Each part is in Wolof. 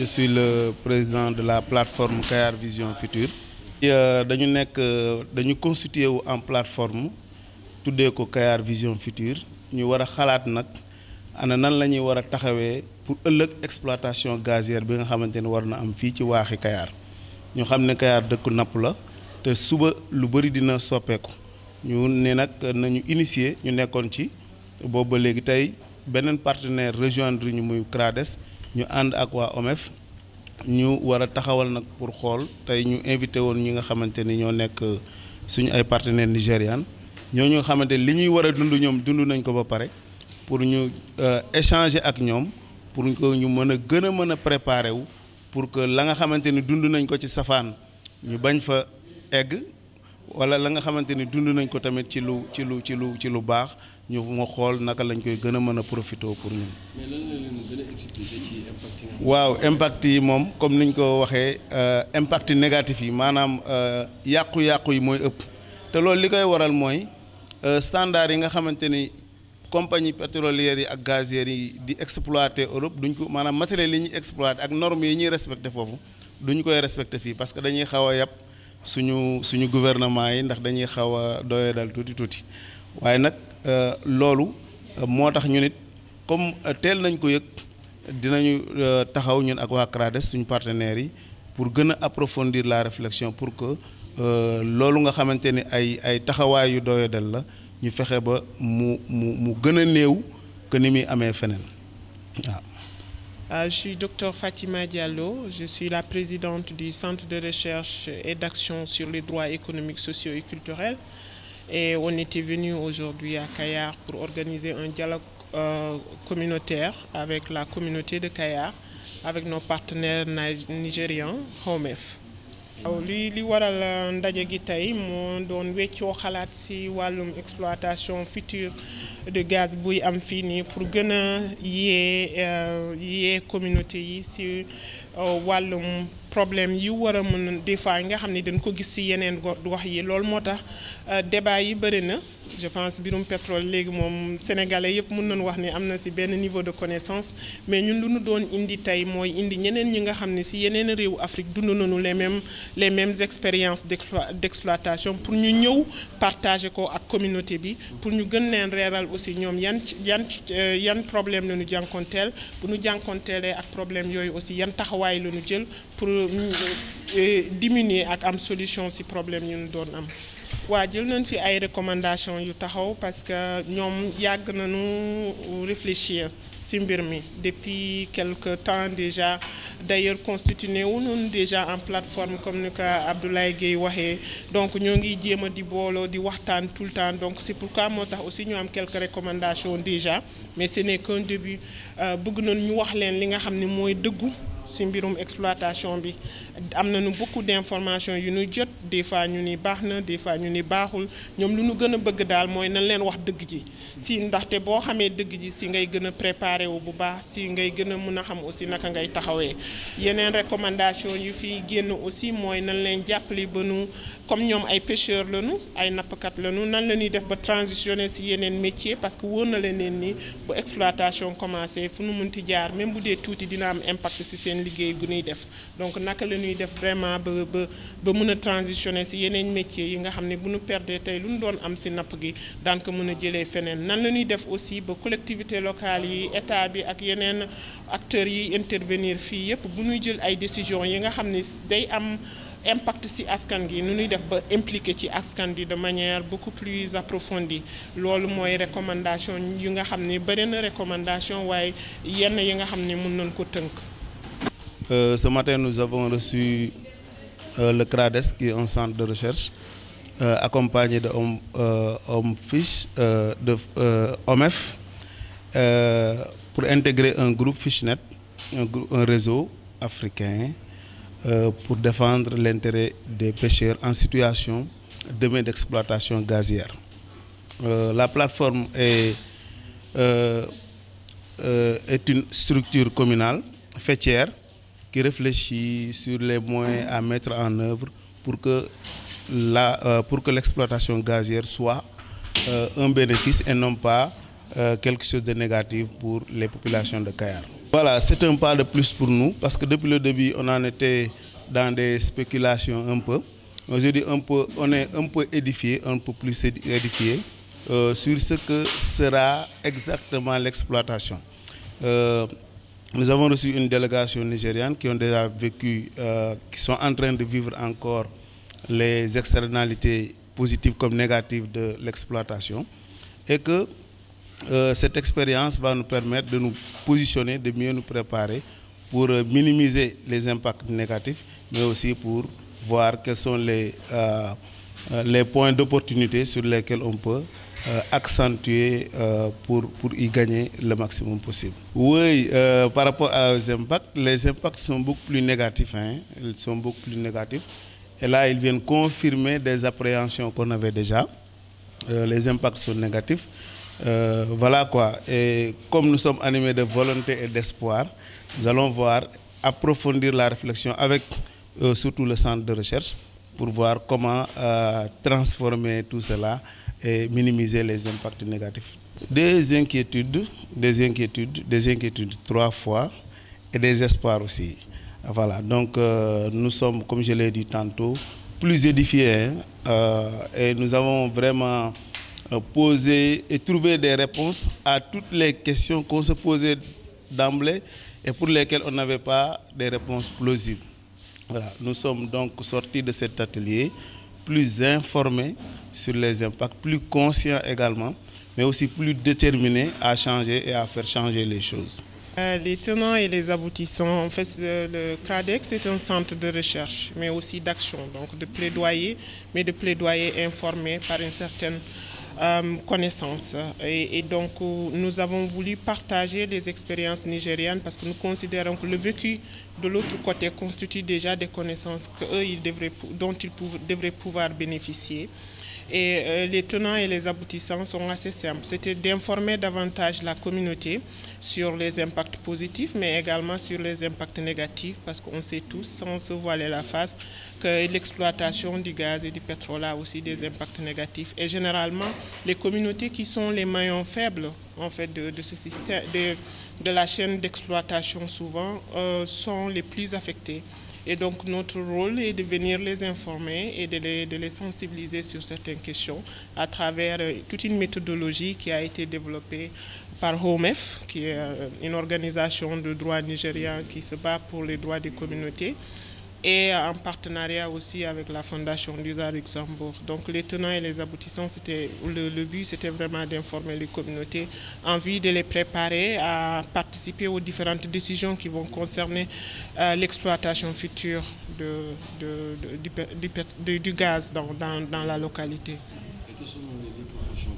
je suis le président de la plateforme Kayar Vision Future. Euh, dañu nekk euh, dañu constitué wu en plateforme tuddee ko Kayar Vision Future ñu war a xalaat nag ana nan la ñuy war a taxawee pour ëllëg exploitation gazière bi nga xamante ne war na am fii ci waaxi kayaar ñu xam ne kayaar dëkku napp la te suba lu bëri dina soppeeku ñu ne nag nañu initier ñu nekkoon ci boobu léegi tey beneen partenaire rejoindre ñu muy CRADES. ñu ànd ak waa OMEF ñu war a taxawal nag pour xool tey ñu invité woon ñi nga xamante ni ñoo nekk suñu ay partenaires nigérian ñoo ñu nga xamante li ñuy war a dund ñoom dund nañ ko ba pare pour ñu euh, échanger ak ñoom pour que ñu mën a gën a mën a préparer wu pour que la nga xamante ni dund nañ ko ci safaan ñu bañ fa egg wala la nga xamante ni dund nañ ko tamit ci lu ci lu ci lu ci lu baax ñu moo xool naka lañ koy gën a mën a profité pour ñun waaw impact yi moom comme niñ ko waxee euh, impact négatif yi maanaam euh, yàqu-yàqu yi mooy ëpp te loolu li koy waral mooy euh, standard yi nga xamante ni compagnie pétrolières yi ak gazières yi di exploiter Europe duñ ko maanaam matériel yi ñu exploiter ak normes yi ñuy respecté foofu duñ koy respecté fii parce que dañuy xaw a yàpp suñu suñu gouvernement yi ndax dañuy xaw a doyee tuuti tuuti waaye nag loolu moo tax ñu nit comme teel nañ ko yëg dinañu euh, taxaw ñun ak waa CRADES suñu partenaires yi pour gën a approfondir la réflexion pour que euh, loolu nga xamante ni ay ay taxawaay yu doyodel la ñu fexe ba mu mu mu gën a néew que ni muy amee feneen waaw. Euh, je suis docteur Fatima Diallo, je la présidente du Centre de recherche et d'action sur les droits économiques, sociaux et culturels. Et on était venu aujourd'hui à Kayar pour organiser un dialogue Euh, communautaire avec la communauté de Kayar avec nos partenaires nigérians HOMEF. waaw li li waral euh, ndaje gi tey moo doon weccoo xalaat ci wàllum exploitation future de gaz buy am fii nii pour gën a yee euh, yee communauté yi ci Euh, wàllum problème yi war a mën des fois nga xam ni dañ ko gis ci yeneen wax yi loolu moo tax euh, débat yi bëri na je pense birum pétrole léegi moom sénégalais yëpp mën nañu wax ni am na ci benn niveau de connaissance mais ñun lu doon indi tey mooy indi ñeneen ñi nga xam ne ci yeneen réewu Afrique dund nañu les mêmes les mêmes expériences d'exploitation pour ñu ñëw partager ko ak communauté bi pour ñu gën leen reeral aussi ñoom yan yan euh, yan problème la ñu jànkoonteel bu ñu jànkoonteelee ak problème yooyu aussi yan taxaw waaye la jël pour euh, diminuer ak am solution ci problème yu ñu doon am. waa jël nañ fi ay recommandation yu taxaw parce que ñoom yàgg nañu réfléchir ci mbir mi depuis quelque temps déjà d'ailleurs constitué wu ñun déjà en plateforme comme ni ko Abdoulaye Gueye waxee donc ñoo ngi jéem a di booloo di waxtaan tout le temps donc c'est pourquoi moo tax aussi ñu am quelques recommandations déjà mais ce n'est qu'un début euh, bëgg nañ ñu wax leen li nga xam ni mooy dëggu. si mbirum exploitation bi am na nañu beaucoup d'informations yu nu jot des fois ñu ni baax na des fois ñu ni baaxul ñoom lu ñu gën a bëgg daal mooy nan leen wax dëgg ji si ndaxte boo xamee dëgg ji si ngay gën a préparer wu bu baax si ngay gën a mën a xam aussi naka ngay taxawee yeneen recommandation yu fi génn aussi mooy nan leen jàppale ba nu comme ñoom ay pêcheurs lañu ay nappkat lañu nan la ñuy def ba transitionner si yeneen métier parce que wóor na leen ni bu commencé fu nu mënti jaar même bu dee tuuti dina am impact si beneen liggéey gu ñuy def donc naka la ñuy def vraiment ba ba ba mën a transitionner si yeneen métiers yi nga xam ne bu nu perdee tey lu ñu doon am si napp gi daan ko mën a jëlee feneen nan la ñuy def aussi ba collectivité locale yi état bi ak yeneen acteurs yi intervenir fii yëpp bu ñuy jël ay décisions yi nga xam ni day am impact ci askan gi nu ñuy def ba impliqué ci askan bi de manière beaucoup plus approfondie loolu mooy recommandation yi nga xam ne bëri na recommandation waaye yenn yi nga xam ne mën nañ ko tënk Euh, ce matin, nous avons reçu euh, le CRADES, qui est un centre de recherche, euh, accompagné de OM, euh, OMFISH, euh, de OMF, pour intégrer un groupe FISHNET, un, un réseau africain, pour défendre l'intérêt des pêcheurs en situation de main d'exploitation gazière. la plateforme est, est une structure communale fêtière qui réfléchit sur les moyens à mettre en œuvre pour que la, euh, pour que l'exploitation gazière soit euh, un bénéfice et non pas euh, quelque chose de négatif pour les populations de Kayar. Voilà, c'est un pas de plus pour nous parce que depuis le début, on en dans des spéculations un peu. Aujourd'hui, on, peut, un peu édifié, un peu plus édifié euh, sur ce que sera exactement l'exploitation. Euh, Nous avons reçu une délégation nigériane qui ont déjà vécu, euh, qui sont en train de vivre encore les externalités positives comme négatives de l'exploitation et que euh, cette expérience va nous permettre de nous positionner, de mieux nous préparer pour euh, minimiser les impacts négatifs, mais aussi pour voir quels sont les, euh, euh, les points d'opportunité sur lesquels on peut Euh, accentuer euh, pour, pour y gagner le maximum possible. Oui, euh, par rapport aux impacts, les impacts sont beaucoup plus négatifs. Hein, ils sont beaucoup plus négatifs. Et là, ils viennent confirmer des appréhensions qu'on avait déjà. les impacts sont négatifs. Euh, voilà quoi. Et comme nous sommes animés de volonté et d'espoir, nous allons voir approfondir la réflexion avec surtout le centre de recherche pour voir comment transformer tout cela et minimiser les impacts négatifs. Des inquiétudes, des inquiétudes, des inquiétudes trois fois et des espoirs aussi. Voilà, donc euh, nous sommes, comme je l'ai dit tantôt, plus édifiés hein, euh, et nous avons vraiment euh, posé et trouvé des réponses à toutes les questions qu'on se posait d'emblée et pour lesquelles on n'avait pas des réponses plausibles. Voilà, nous sommes donc sortis de cet atelier plus informés sur les impacts, plus conscients également, mais aussi plus déterminés à changer et à faire changer les choses. Euh, les tenants et les aboutissants, en fait, euh, le CRADEX est un centre de recherche, mais aussi d'action, donc de plaidoyer, mais de plaidoyer informé par une certaine euh, connaissances. Et, et, donc, nous avons voulu partager les expériences nigérianes parce que nous considérons que le vécu de l'autre côté constitue déjà des connaissances que eux, ils devraient, dont ils pouv devraient pouvoir bénéficier. Et euh, les tenants et les aboutissants sont assez simples. C'était d'informer davantage la communauté sur les impacts positifs, mais également sur les impacts négatifs, parce qu'on sait tous, sans se voiler la face, que l'exploitation du gaz et du pétrole a aussi des impacts négatifs. Et généralement, les communautés qui sont les maillons faibles en fait de, de ce système, de, de la chaîne d'exploitation souvent, euh, sont les plus affectées. Et donc notre rôle est de venir les informer et de les, de les sensibiliser sur certaines questions à travers euh, toute une méthodologie qui a été développée par HOMEF, qui est euh, une organisation de droit nigérien qui se bat pour les droits des communautés. et en partenariat aussi avec la Fondation Lusa Luxembourg. Donc les tenants et les aboutissants, c'était le, le, but c'était vraiment d'informer les communautés en vue de les préparer à participer aux différentes décisions qui vont concerner euh, l'exploitation future de, de, de, du, du, du, gaz dans, dans, dans la localité. Et quelles sont les propositions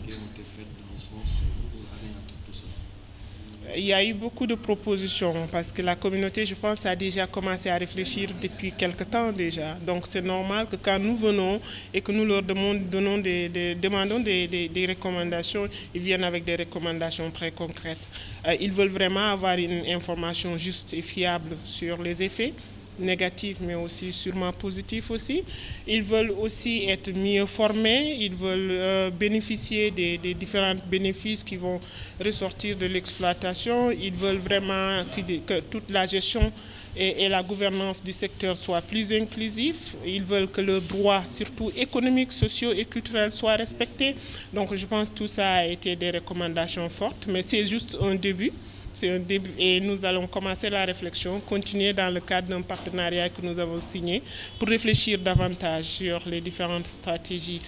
il y a eu beaucoup de propositions parce que la communauté, je pense, a déjà commencé à réfléchir depuis quelque temps déjà. Donc c'est normal que quand nous venons et que nous leur demandons des, des, demandons des, des recommandations, ils viennent avec des recommandations très concrètes. Euh, ils veulent vraiment avoir une information juste et fiable sur les effets négatif mais aussi sûrement positif aussi. Ils veulent aussi être mieux formés, ils veulent euh, bénéficier des, des, différents bénéfices qui vont ressortir de l'exploitation, ils veulent vraiment que, que toute la gestion et, et, la gouvernance du secteur soit plus inclusif. Ils veulent que le droit, surtout économique, sociaux et culturel, soit respecté. Donc je pense que tout ça a été des recommandations fortes, mais c'est juste un début. C'est un début et nous allons commencer la réflexion, continuer dans le cadre d'un partenariat que nous avons signé pour réfléchir davantage sur les différentes stratégies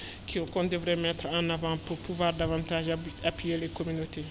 qu'on devrait mettre en avant pour pouvoir davantage appuyer les communautés.